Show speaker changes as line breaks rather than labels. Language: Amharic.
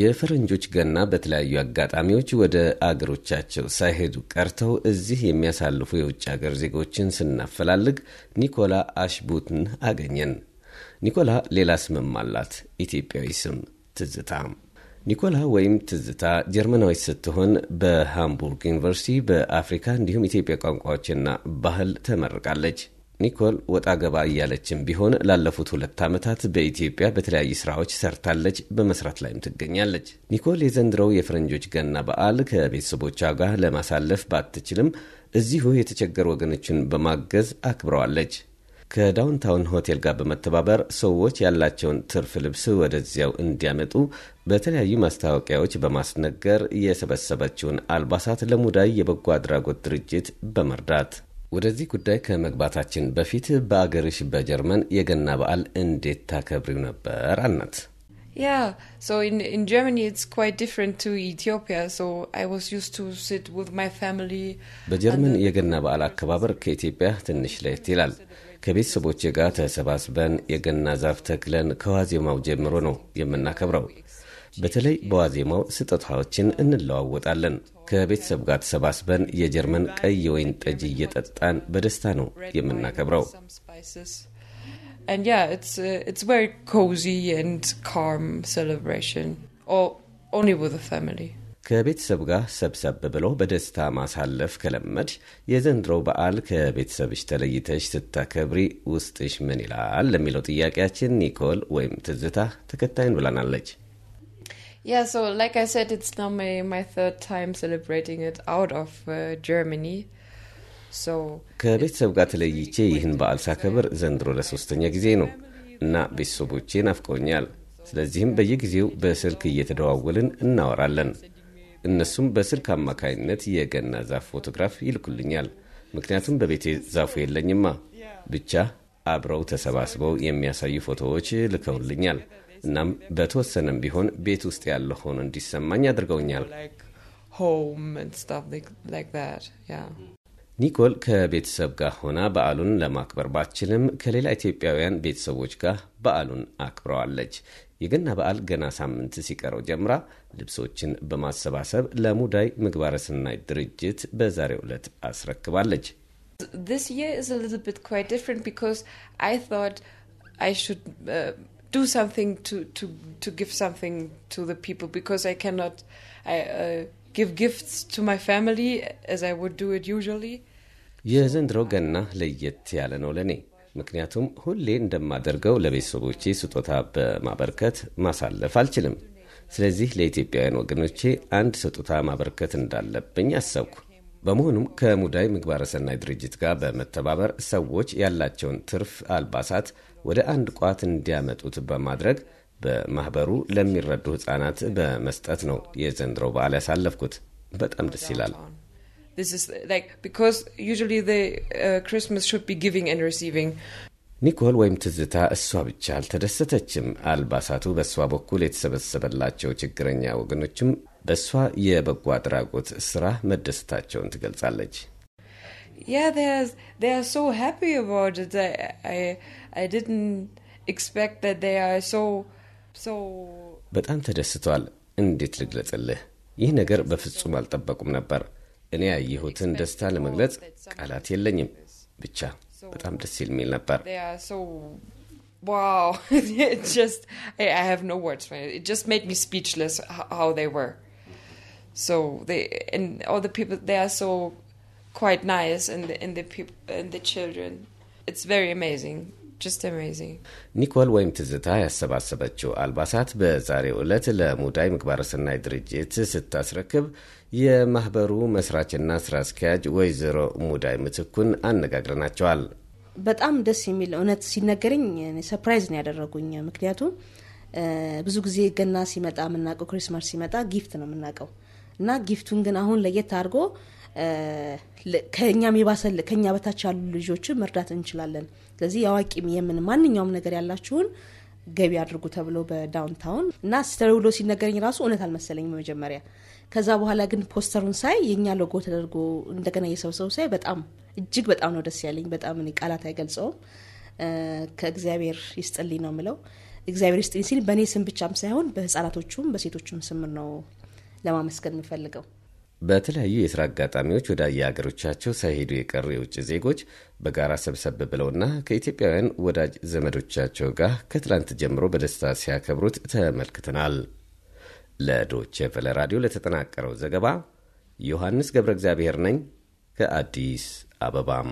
የፈረንጆች ገና በተለያዩ አጋጣሚዎች ወደ አገሮቻቸው ሳይሄዱ ቀርተው እዚህ የሚያሳልፉ የውጭ አገር ዜጎችን ስናፈላልግ ኒኮላ አሽቡትን አገኘን። ኒኮላ ሌላ ስምም አላት፣ ኢትዮጵያዊ ስም ትዝታ። ኒኮላ ወይም ትዝታ ጀርመናዊት ስትሆን በሃምቡርግ ዩኒቨርሲቲ በአፍሪካ እንዲሁም ኢትዮጵያ ቋንቋዎችና ባህል ተመርቃለች። ኒኮል ወጣ ገባ እያለችም ቢሆን ላለፉት ሁለት ዓመታት በኢትዮጵያ በተለያዩ ስራዎች ሰርታለች፣ በመስራት ላይም ትገኛለች። ኒኮል የዘንድሮው የፈረንጆች ገና በዓል ከቤተሰቦቿ ጋር ለማሳለፍ ባትችልም እዚሁ የተቸገሩ ወገኖችን በማገዝ አክብረዋለች። ከዳውንታውን ሆቴል ጋር በመተባበር ሰዎች ያላቸውን ትርፍ ልብስ ወደዚያው እንዲያመጡ በተለያዩ ማስታወቂያዎች በማስነገር የሰበሰበችውን አልባሳት ለሙዳይ የበጎ አድራጎት ድርጅት በመርዳት ወደዚህ ጉዳይ ከመግባታችን በፊት በአገርሽ በጀርመን የገና በዓል እንዴት ታከብሪው ነበር? አልናት።
ያ ሶ ቱ ኢትዮጵያ ሶ አይ ዋዝ በጀርመን
uh, የገና በዓል አከባበር ከኢትዮጵያ ትንሽ ለየት ይላል። ከቤተሰቦቼ ጋር ተሰባስበን የገና ዛፍ ተክለን ከዋዜማው ጀምሮ ነው የምናከብረው። በተለይ በዋዜማው ስጦታዎችን እንለዋወጣለን። ከቤተሰብ ጋር ተሰባስበን የጀርመን ቀይ የወይን ጠጅ እየጠጣን በደስታ ነው የምናከብረው። uh, ከቤተሰብ ጋር ሰብሰብ ብሎ በደስታ ማሳለፍ ከለመድሽ የዘንድሮው በዓል ከቤተሰብሽ ተለይተሽ ስታከብሪ ውስጥሽ ምን ይላል ለሚለው ጥያቄያችን ኒኮል ወይም ትዝታ ተከታይን ብላናለች።
Yeah, so like I said, it's now my, my third time celebrating it out of uh, Germany.
ከቤተሰብ ጋር ተለይቼ ይህን በዓል ሳከብር ዘንድሮ ለሶስተኛ ጊዜ ነው እና ቤተሰቦቼ ናፍቀውኛል። ስለዚህም በየጊዜው በስልክ እየተደዋወልን እናወራለን። እነሱም በስልክ አማካኝነት የገና ዛፍ ፎቶግራፍ ይልኩልኛል። ምክንያቱም በቤቴ ዛፉ የለኝማ። ብቻ አብረው ተሰባስበው የሚያሳዩ ፎቶዎች ልከውልኛል። እናም በተወሰነም ቢሆን ቤት ውስጥ ያለ ሆኖ እንዲሰማኝ አድርገውኛል። ኒኮል ከቤተሰብ ጋር ሆና በዓሉን ለማክበር ባትችልም ከሌላ ኢትዮጵያውያን ቤተሰቦች ጋር በዓሉን አክብረዋለች። የገና በዓል ገና ሳምንት ሲቀረው ጀምራ ልብሶችን በማሰባሰብ ለሙዳይ ምግባረ ሰናይ ድርጅት በዛሬው ዕለት አስረክባለች።
This year is a little bit quite different because I thought I should uh, do something to to to give something to the people because I cannot I uh, give gifts to my family as I would do it usually.
የዘንድሮ ገና ለየት ያለ ነው ለኔ ምክንያቱም ሁሌ እንደማደርገው ለቤተሰቦቼ ስጦታ በማበርከት ማሳለፍ አልችልም። ስለዚህ ለኢትዮጵያውያን ወገኖቼ አንድ ስጦታ ማበርከት እንዳለብኝ አሰብኩ። በመሆኑም ከሙዳይ ምግባረ ሰናይ ድርጅት ጋር በመተባበር ሰዎች ያላቸውን ትርፍ አልባሳት ወደ አንድ ቋት እንዲያመጡት በማድረግ በማኅበሩ ለሚረዱ ሕፃናት በመስጠት ነው የዘንድሮው በዓል ያሳለፍኩት። በጣም ደስ ይላል። uh, ኒኮል ወይም ትዝታ እሷ ብቻ አልተደሰተችም። አልባሳቱ በእሷ በኩል የተሰበሰበላቸው ችግረኛ ወገኖችም በእሷ የበጎ አድራጎት ስራ መደሰታቸውን ትገልጻለች። በጣም ተደስቷል እንዴት ልግለጽልህ? ይህ ነገር በፍጹም አልጠበቁም ነበር። እኔ ያየሁትን ደስታ ለመግለጽ ቃላት የለኝም። ብቻ በጣም ደስ የሚል ነበር።
Wow, it ሚ I have no So they and all the people they are so quite nice and the, and the people and the children. It's very amazing.
ኒኮል ወይም ትዝታ ያሰባሰበችው አልባሳት በዛሬው ዕለት ለሙዳይ ምግባረ ሰናይ ድርጅት ስታስረክብ የማህበሩ መስራችና ስራ አስኪያጅ ወይዘሮ ሙዳይ ምትኩን አነጋግረናቸዋል። በጣም ደስ የሚል እውነት ሲነገርኝ ሰፕራይዝ ነው ያደረጉኝ። ምክንያቱም ብዙ ጊዜ ገና ሲመጣ የምናውቀው ክሪስማስ ሲመጣ ጊፍት ነው የምናውቀው እና ጊፍቱን ግን አሁን ለየት አድርጎ ከኛ የባሰል ከኛ በታች ያሉ ልጆችን መርዳት እንችላለን። ስለዚህ የአዋቂም የምን ማንኛውም ነገር ያላችሁን ገቢ አድርጉ ተብሎ በዳውንታውን እና ሲስተር ሲነገረኝ ራሱ እውነት አልመሰለኝም መጀመሪያ። ከዛ በኋላ ግን ፖስተሩን ሳይ የእኛ ሎጎ ተደርጎ እንደገና የሰውሰው ሳይ በጣም እጅግ በጣም ነው ደስ ያለኝ። በጣም እኔ ቃላት አይገልጸውም። ከእግዚአብሔር ይስጥልኝ ነው ምለው። እግዚአብሔር ይስጥልኝ ሲል በእኔ ስም ብቻም ሳይሆን በህጻናቶቹም በሴቶቹም ስም ነው ለማመስገን የምፈልገው። በተለያዩ የስራ አጋጣሚዎች ወደ የሀገሮቻቸው ሳይሄዱ የቀሩ የውጭ ዜጎች በጋራ ሰብሰብ ብለውና ከኢትዮጵያውያን ወዳጅ ዘመዶቻቸው ጋር ከትላንት ጀምሮ በደስታ ሲያከብሩት ተመልክተናል። ለዶቼ ቨለ ራዲዮ ለተጠናቀረው ዘገባ ዮሐንስ ገብረ እግዚአብሔር ነኝ ከአዲስ አበባም